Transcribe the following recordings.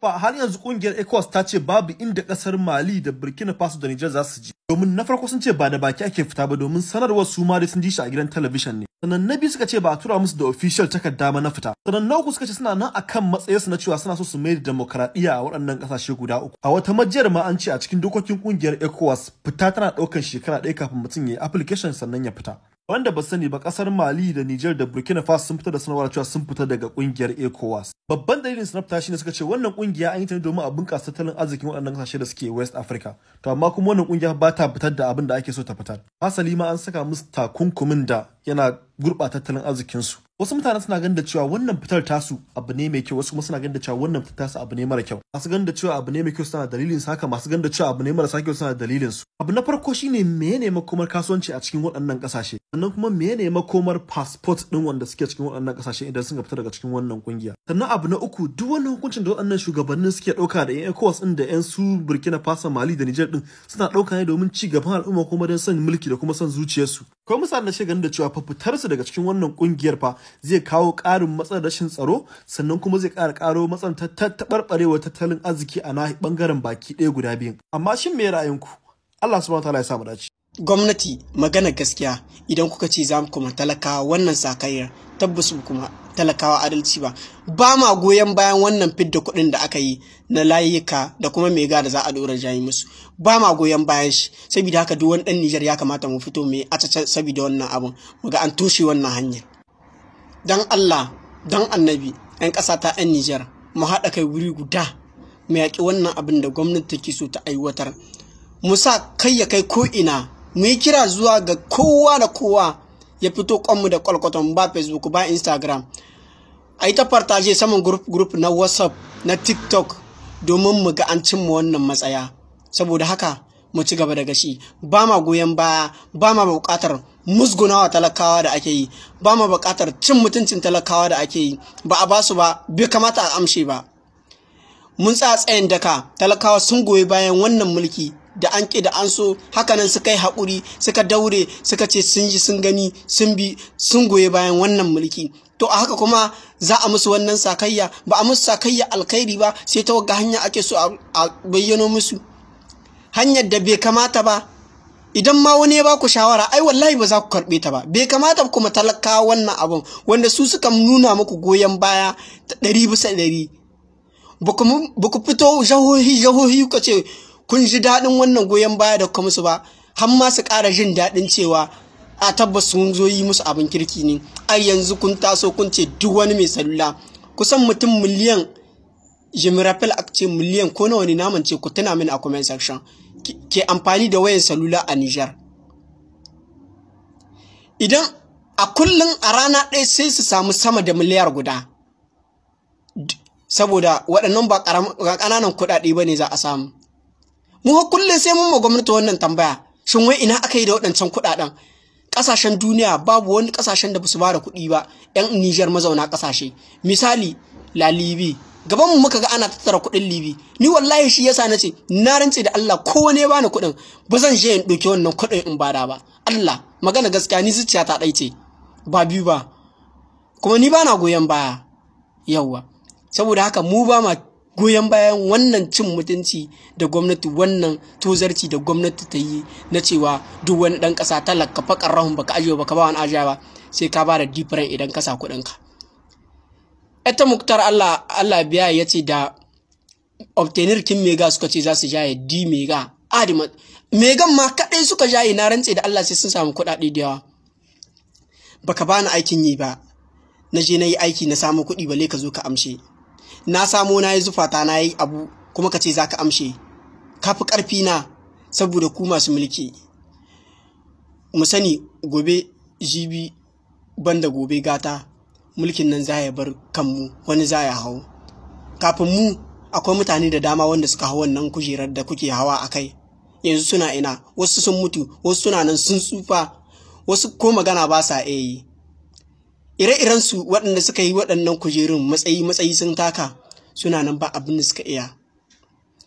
fa har yanzu kungiyar ECOWAS ta ce babu inda kasar Mali da Burkina Faso da Niger za su je. Domin na farko sun ce ba da baki ake fita ba domin sanarwar su ma sun ji shi a gidan talabishin ne. Sannan na biyu suka ce ba a tura musu da official takarda ma na fita. Sannan na uku suka ce suna nan akan matsayinsu na cewa suna so su mai da demokradiyya a waɗannan ƙasashe guda uku. A wata majiyar ma an ce a cikin dokokin kungiyar ECOWAS fita tana ɗaukan shekara ɗaya kafin mutum ya yi application sannan ya fita. wanda ba sani ba kasar Mali da Niger da Burkina Faso sun fita da sanarwar cewa sun fita daga kungiyar ECOWAS. Babban dalilin fita shine suka ce wannan kungiya an yi ta ne domin a bunƙasa tattalin arzikin waɗannan kasashe da suke West Africa. To amma kuma wannan kungiya ba ta fitar da abin da ake so ta fitar. Hasali ma an saka musu takunkumin da yana gurɓata tattalin arzikin su. wasu mutane suna ganin da cewa wannan fitar tasu abu ne mai kyau wasu kuma suna ganin da cewa wannan fitar tasu abu ne mara kyau masu ganin da cewa abu ne mai kyau suna dalilin haka masu ganin da cewa abu ne mara kyau suna dalilin su abu na farko shine menene makomar kasuwanci a cikin waɗannan kasashe sannan kuma menene makomar passport din wanda suke cikin waɗannan kasashe idan suka fita daga cikin wannan kungiya sannan abu na uku duk wani hukuncin da waɗannan shugabannin suke ɗauka da yan ECOWAS din da yan su Burkina Faso Mali da Niger din suna ɗauka ne domin ci gaban al'umma kuma don son mulki da kuma son zuciyarsu ko misalin da shiga da cewa fa fitar su daga cikin wannan kungiyar fa zai kawo ƙarin matsalar rashin tsaro sannan kuma zai ƙara ƙaro matsalar tattaɓarɓarewar tattalin arziki a nahi ɓangaren baki ɗaya guda biyun amma shin me ra'ayinku Allah subhanahu wa ta'ala ya samu dace gwamnati magana gaskiya idan kuka ce za mu kuma talakawa wannan sakayyar tabbas kuma talakawa adalci ba ba ma goyon bayan wannan fidda kuɗin da aka yi na layika da kuma mai da za a dora jayi musu ba ma goyon bayan shi saboda haka duk wani ɗan Nijar ya kamata mu fito mu acaca saboda wannan abun mu ga an toshe wannan hanyar dan Allah dan annabi 'yan ƙasa ta 'yan Nijar mu haɗa kai wuri guda mu yaƙi wannan abin da gwamnati take so ta aiwatar mu sa kai ya kai ko ina mu yi kira zuwa ga kowa da kowa ya fito kwanmu da kwalkwaton ba facebook ba instagram a yi ta fartaje saman group na whatsapp na tiktok domin mu ga an cimma wannan matsaya saboda haka mu ci gaba da gashi ba ma goyon baya ba ma buƙatar musgunawa talakawa da ake yi ba ma buƙatar cin mutuncin talakawa da ake yi ba a basu ba bai kamata a amshe ba mun tsaya tsayin daka talakawa sun goyi bayan wannan mulki da an ƙi da an so hakanan suka yi haƙuri suka daure suka ce sun ji sun gani sun bi sun goye bayan wannan mulki to a haka kuma za a musu wannan sakayya ba a musu sakayya alkhairi ba sai ta wagga hanya ake so a bayyano musu hanyar da bai kamata ba idan ma wani ya ba ku shawara ai wallahi ba za ku karɓe ta ba bai kamata kuma talaka wannan abun wanda su suka nuna muku goyon baya ta ɗari bisa ɗari ba ku fito jahohi jahohi ku ce kun ji daɗin wannan goyon baya da kuma su ba har ma su ƙara jin daɗin cewa a tabbas sun zo yi musu abin kirki ne ai yanzu kun taso kun ce duk wani mai salula kusan mutum miliyan jimirafil a ce miliyan ko nawa ne naman ce ku tuna min a comment section ke amfani da wayan salula a Nijar. Idan a kullum a rana ɗaya sai su samu sama da miliyar guda saboda waɗannan ba ƙananan kuɗaɗe ba ne za a samu. mu kulle sai mun ma gwamnati wannan tambaya shin wai ina aka yi da waɗancan kuɗaɗen ƙasashen duniya babu wani ƙasashen da basu bada kuɗi ba yan Nijar mazauna ƙasashe misali la Libi gaban mu muka ga ana tattara kuɗin Libi ni wallahi shi yasa na ce na rantse da Allah ko wani ya bani kuɗin ba zan je in ɗauki wannan kuɗin in bada ba Allah magana gaskiya ni zuciya ta ɗaice ba biyu ba kuma ni bana goyon baya yawwa saboda haka mu ba ma goyon bayan wannan cin mutunci da gwamnati wannan tozarci da gwamnati ta yi na cewa duk wani ɗan ƙasa talaka fakar rahun baka ajiye baka ba wani ajiya sai ka ba da difiran idan ka sa kuɗinka ita muktar allah allah biya ya ce da obtainer kin mega suka ce za su jaye di mega adima megan ma kaɗai suka jaye na rantse da allah sai sun samu kuɗaɗe da yawa baka bani aikin yi ba na je na yi aiki na samu kuɗi bale ka zo ka amshe na samo na yi zufata na yi abu kuma ka ce za ka amshe ka fi ƙarfi na saboda ku masu mulki mu sani gobe jibi banda gobe gata mulkin nan za ya bar kanmu wani za ya hau kafin mu akwai mutane da dama wanda suka hau wannan kujerar da kuke hawa a kai yanzu suna ina wasu sun mutu wasu suna nan sun tsufa wasu ko magana ba sa iya yi ire su waɗanda suka yi waɗannan kujerun matsayi-matsayi sun taka suna nan ba abin da suka iya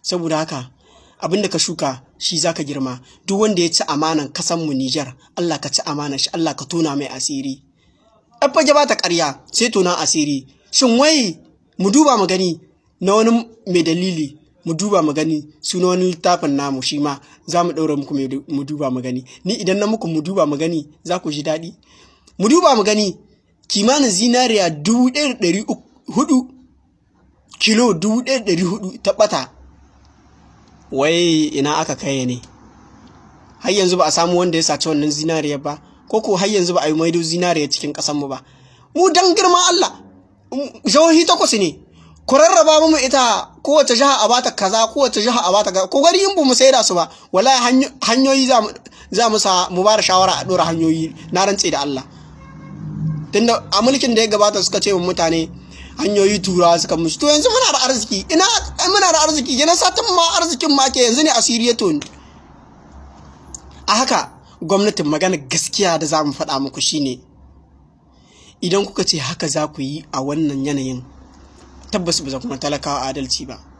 saboda haka abin da ka shuka shi za ka girma duk wanda ya ci amanan kasan mu Nijar Allah ka ci amanan shi Allah ka tona mai asiri fage ba ta ƙarya sai tona asiri shin wai mu duba mu gani na wani mai dalili mu duba mu gani suna wani littafin namu shi ma za mu ɗaura muku mu duba mu gani ni idan na muku mu duba mu gani za ku ji daɗi mu duba mu gani kimanin zinariya 1,400 kilo 1,400 ta ɓata wai ina aka kai ne har yanzu ba a samu wanda ya saci wannan zinariya ba ko ko har yanzu ba a yi maido zinariya cikin ƙasanmu ba mu dan girma Allah jihohi takwas ne ku rarraba mu ita kowace jiha a bata kaza kowace jiha a bata kaza ko gari in bu mu saida su ba wallahi hanyoyi za mu sa mu ba da shawara a ɗora hanyoyi na rantse da Allah tunda a mulkin da ya gabata suka ce wa mutane hanyoyi turawa suka musu to yanzu muna da arziki ina muna da arziki yana satin ma arzikin ma ke yanzu ne asiri ya toni a haka gwamnatin magana gaskiya da za mu faɗa muku shine idan kuka ce haka za ku yi a wannan yanayin tabbas ba za kuma talakawa adalci ba